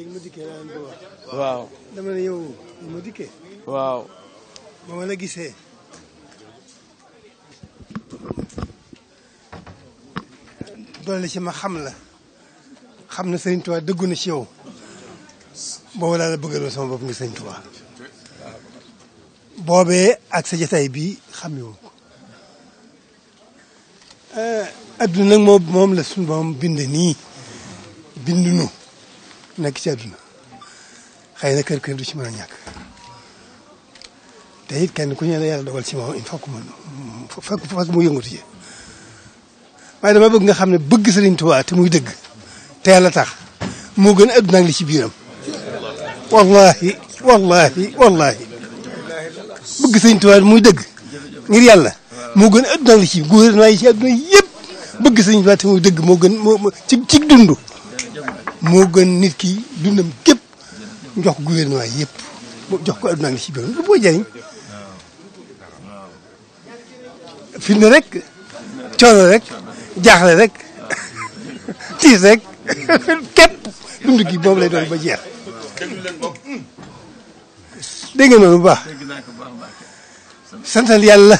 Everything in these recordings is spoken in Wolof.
léegi ma dikkee laa leen ko wax. waaw dama ne yow ma dikkee. waaw. la gisee. dolli ci ma xam la xam na Serigne Touba dëggu na ci yow boobu laa la bëggaloon sama bopp nga Serigne Touba. boobee ak sa jotaay xam yow. adduna nag moom moom la suñu boom bind nii bindu nekk ci àdduna xëy na kër kër du ci mën a ñàkk te it kenn ku ñu la yàlla dogal ci moom il faut que mu fekk mu yëngatu ci waaye dama bëgg nga xam ne bëgg Sëriñ Tuubaa te muy dëgg te yàlla tax moo gën àdduna ak li ci biiram wallahi wallahi wallahi bëgg Sëriñ Tuubaa muy dëgg ngir yàlla moo gën àdduna ak li ci gouvernement yi ci àdduna yëpp bëgg Sëriñ Tuubaa te muy dëgg moo gën moo ci ci dund moo gën nit ki dundam képp jox gouvernement yi yëpp jox ko adduna ngi si biir lu booy jëriñ fi ne rek coono rek jaaxle rek tiis rek képp dund gi boobu lay doon ba jeex dégg nga bu baax santal yàlla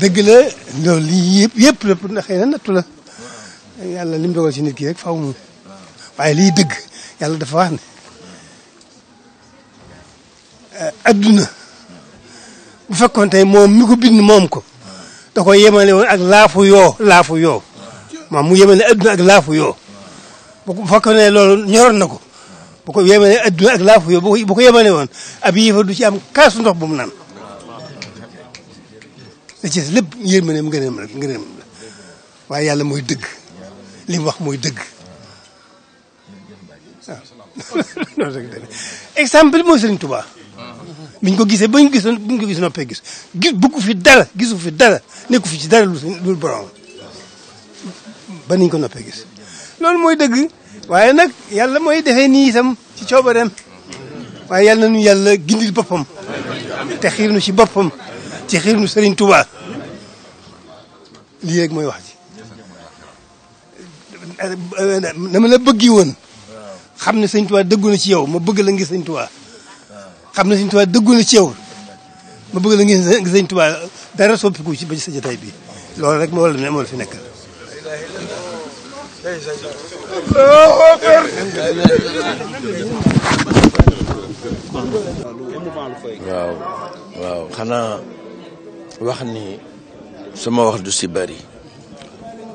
dëgg la loolu lii yëpp yëpp la xëy na nattu la yàlla li mu dogal ci nit ki rek faaw mu waaye liy dëgg yàlla dafa wax ne eh, adduna bu fekkoon tey moom mi ko bind moom ko da ko yemale woon ak laafu yoo laafu yoo maam mu yemale adduna ak laafu yoo bu fekkoon ne ko bu ko yemale adduna ak laafu yoo bu ko du ci am kaasu ndox bu mu naan da ci lépp yéen ma ne mu ngëneem la la waaye yàlla mooy dëgg li wax mooy dëgg waaw exemple mooy Serigne Touba biñ ko gisee bañ gisoon buñ ko gis noppee gis gis bëggu fi dara gisu fi dara nekku fi ci dara lu lu borom ba niñ ko noppee gis loolu mooy dëgg waaye nag yàlla mooy defee niisam itam ci coobareem waaye yàlla nañu yàlla gindil boppam te xiir nu ci boppam ci xiir nu Serigne Touba lii rek mooy wax ji na ma la woon xam na sëñ Tuubaa dëggu ci yow ma bëgg la ngir sëñ Tuubaa xam na sëñ Tuubaa dëggu ci yow ma bëgg la ngir sëñ dara soppiku ci ba ci sa jotaay bi loolu rek moo la moo la fi nekkal waaw xanaa wax ni sama wax du si bari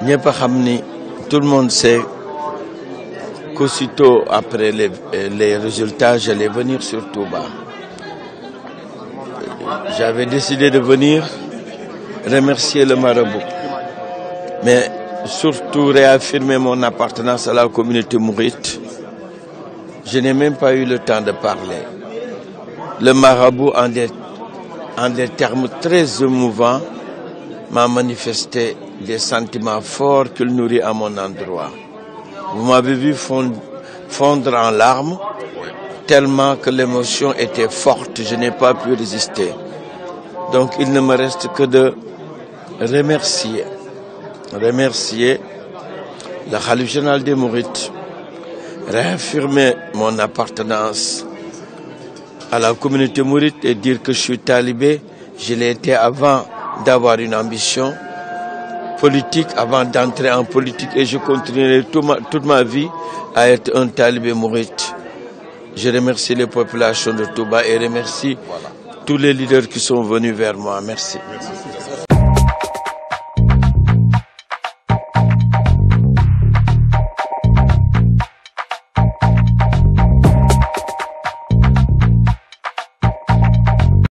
N'y a tout le monde sait qu'aussitôt après les, résultats, j'allais venir sur Touba. J'avais décidé de venir remercier le marabout, mais surtout réaffirmer mon appartenance à la communauté mourite. Je n'ai même pas eu le temps de parler. Le marabout, en des termes très émouvants, m'a manifesté des sentiments forts qu'il nourrit à mon endroit. Vous m'avez vu fondre, en larmes, tellement que l'émotion était forte, je n'ai pas pu résister. Donc il ne me reste que de remercier, remercier le Khalif général des Mourites, réaffirmer mon appartenance à la communauté mourite et dire que je suis talibé, je l'ai été avant d'avoir une ambition, politique avant d'entrer en politique et je continuerai toute ma vie à être un talibé mourite. Je remercie les populations de Touba et remercie tous les leaders qui sont venus vers moi. Merci.